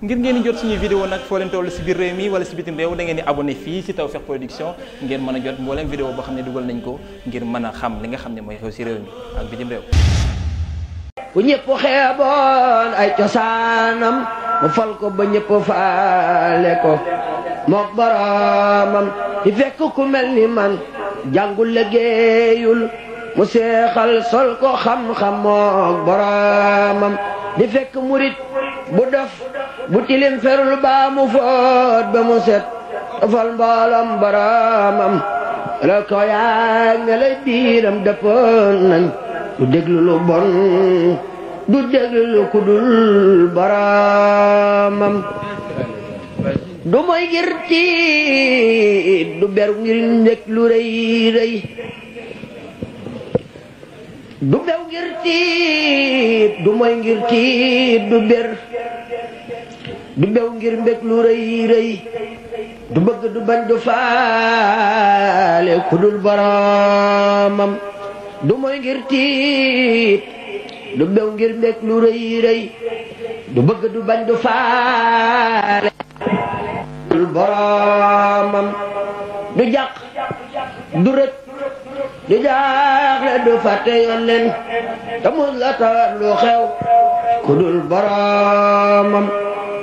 ngir ngeen di jot suñuy vidéo nag foo leen si biir réew mi wala si bitim réew da ngeen di abonné fii si Tawfekh Production ngeen mën a jot mbooleem vidéo bo xam ne dugal nañ ko ngir mën a xam li nga xam ne mooy xew si réew mi bitim réew bu ñëpp xeeboon ay cosaanam ko ba ñëpp faale ko mook boroomam di fekk ku mel ni man jàngul liggéeyul mu seexal sol ko xam-xam mook boroomam di fekk murit bu dof bu tilim ferul baa mu foot ba mu set fal mboolam baraamam la ko yaag lay biiram dëppoon nañ du déglu lu bon du déglu lu kudul baraamam du moy ngir tiit du beru ngir nekk lu rëy rëy du bew ngir tiit du moy ngir tiit du ber du bew ngir mbég lu rëy rëy du bëgg du bañ faale ku dul du mooy ngir tiit du bew ngir mbég lu rëy rëy du bëgg du bañ faale ku dul du jàq du rët du jaaxle du fàtte yoon leen la tawat lu xew ku dul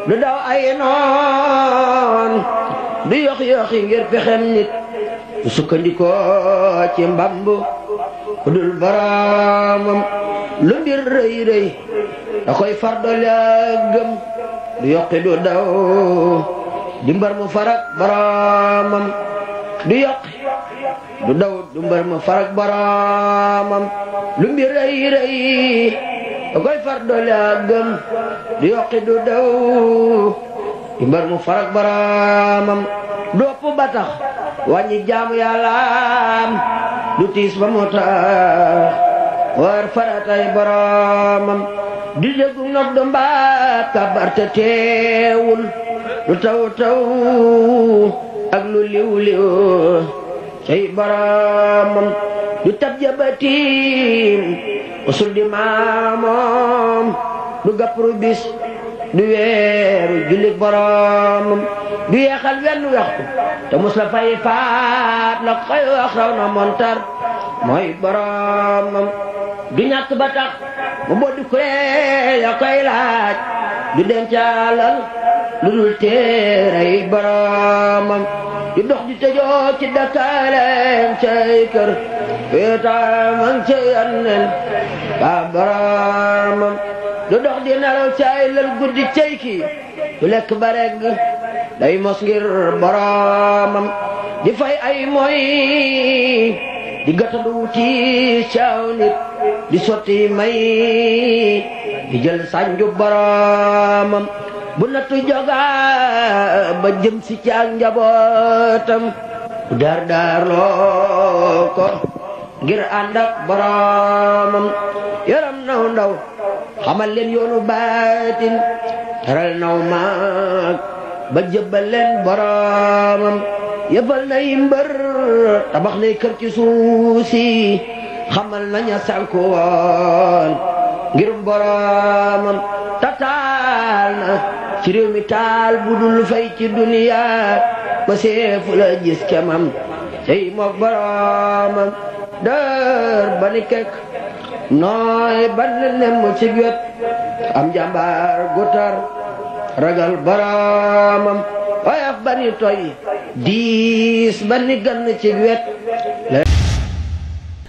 du daw ay noon du yox yoxi ngir pexem nit du sukkandikoo ci mbamb ku dul lu mbir rëy rëy da koy far doole gëm du yoqi du daw di mbar mu farak boroomam du yoqi du daw du mbar mu farak boroomam lu mbir rëy rëy koy far doole ak gëm di yokki du daw di mbar mu farak baraamam dopp ba tax wàññi jaamu yàllaam du tiis ba moo tax war faratay baraamam di déggu nopp du mbaat kabar te teewul lu taw taw ak lu liw liw baraamam du tab jabatim usul di maamoom du gappru bis du weeru jullit boroomam du yeexal wenn waxtu te mus la faat la koy wax raw na montar mooy boroomam du ñàkk ba tax mu boddi kuree ya koy laaj du denc alal lu dul téere yi boroomam di dox di tëjoo ci dëkkaaleem cay kër féetaamam ca yannel baabaraamam du dox di nelaw cay lal guddi cay kii du lekk ba regg day mos ngir boroomam di fay ay moy di gàttandu wuti caaw di sotti may di jël sànju boroomam bu nattu jogaa ba jëm si ci ak njabootam daar daarloo ngir ànd ak boromam yaram naw ndaw xamal leen yoonu baatin teral naw maag ba jëbbal leen boromam yëfal nay mbër tabax nay kër ci suusi xamal naña sànku woon ngir boromam tataal na ci réew mi taal bu dul fay ci duniya ma seefu la gis kemam cey mook boroomam dër ba ni kekk nooy ba ne nemm ci wet am jàmbaar gu tar ragal boroomam oyof ba ni toy diis ba ni gann ci wet